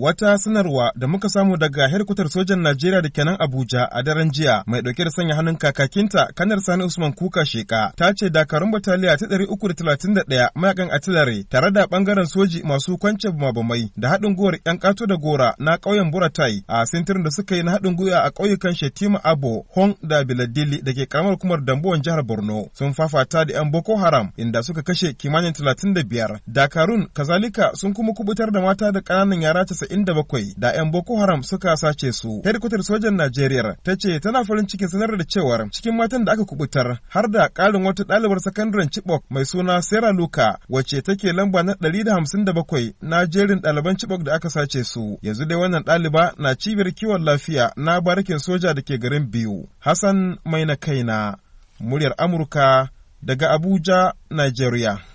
Wata sanarwa da muka samu daga herkutar sojan Najeriya da kenan Abuja a daren jiya mai dauke da sanya hannun kakakinta kanar Sani Usman Kuka Sheka ta ce dakarun bataliya ta 331 mayakan atilare tare da bangaren soji masu kwance mabamai da haɗin gwiwar 'yan kato da gora na ƙauyen Buratai a sintirin da suka yi na haɗin gwiwa a ƙauyukan Shetima Abo, Hong da Biladili da ke karamar kumar Dambuwan jihar Borno sun fafata da 'yan Boko Haram inda suka kashe kimanin 35. Dakarun kazalika sun kuma kubutar da mata da ƙananan yara 97 da 'yan Boko Haram suka sace su. Hedikwatar sojan Najeriya ta ce tana farin cikin sanar da cewar cikin matan da aka kubutar har da ƙarin wata ɗalibar sakandaren Chibok mai suna Sarah Luka wacce take lamba na ɗari da 157 na jerin ɗaliban Chibok da aka sace su. Yanzu dai wannan ɗaliba na cibiyar kiwon lafiya na barikin soja da ke garin biyu. Hassan Maina Kaina, muryar Amurka daga Abuja, Najeriya.